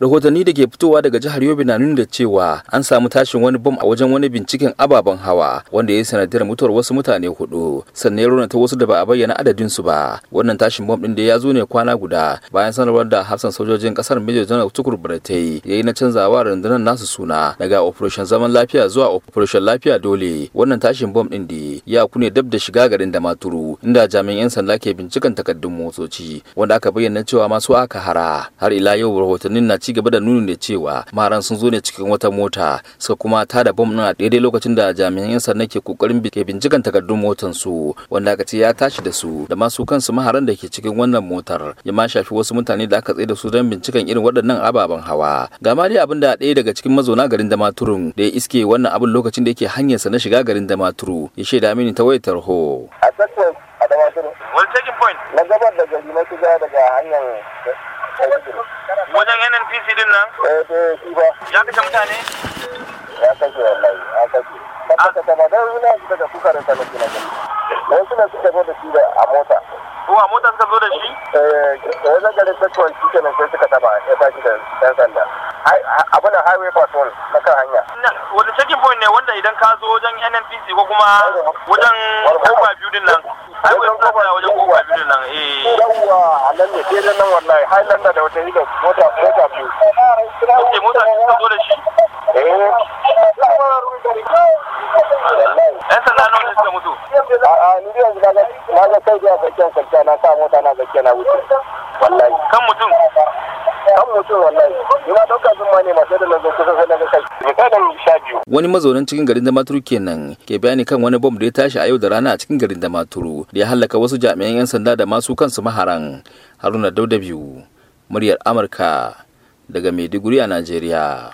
rahotanni da ke fitowa daga jihar yobe na nuna da cewa an samu tashin wani bom a wajen wani binciken ababen hawa wanda ya yi sanadiyar mutuwar wasu mutane hudu sannan ya rona ta wasu da ba a bayyana adadin su ba wannan tashin bom din da ya zo ne kwana guda bayan sanarwar da hafsan sojojin kasar major general tukur baratai ya yi na canzawa rundunar nasu suna daga operation zaman lafiya zuwa operation lafiya dole wannan tashin bom din da ya kune dab da shiga garin da maturu inda jami'an 'yan sanda ke binciken takardun motoci wanda aka bayyana cewa masu aka hara har ila yau rahotannin na ci gaba da nuni da cewa maran sun zo ne cikin wata mota suka kuma da bom ɗin a daidai lokacin da jami'an 'yan sanda ke kokarin bike bincikan takardun motan su wanda aka ce ya tashi da su da masu kansu maharan da ke cikin wannan motar ya ma shafi wasu mutane da aka tsaye da su don bincikan irin waɗannan ababen hawa ga ma dai abin da ɗaya daga cikin mazauna garin Damaturun da ya iske wannan abin lokacin da yake hanyar sa na shiga garin Damaturu ya shaida mini ta wayar tarho a Damaturu wani checking point na gabar da gari na shiga daga hanyar wajen nnpc din nan eh, ya kashe mutane ya kashe wallahi ya kashe ba ta kashe ba don wuna su daga kuka da na gani wasu na suka zo da shi da a mota Wa motar ka zo da shi? Eh, da eh, zagarin tattuwan cikin nan sai suka taba ya eh, tashi da ɗan sanda. Abu na highway patrol na kan hanya. Wani checking point ne wanda idan ka zo wajen NNPC ko kuma wajen kofa biyu nan. Highway suna tsaya wajen kofa biyu nan. Eh. Yawwa, a nan ne, sai nan wallahi, Highlander da wata mota biyu. Ok, mota gudu a ni da mota na zakiya na wuce wallahi kan ma Wani mazaunin cikin garin Damaturu kenan ke bayani kan wani bom da ya tashi a yau da rana a cikin garin Damaturu da ya hallaka wasu jami'an 'yan sanda da masu kansu maharan Haruna Dauda biyu muryar Amurka daga Maiduguri a Najeriya.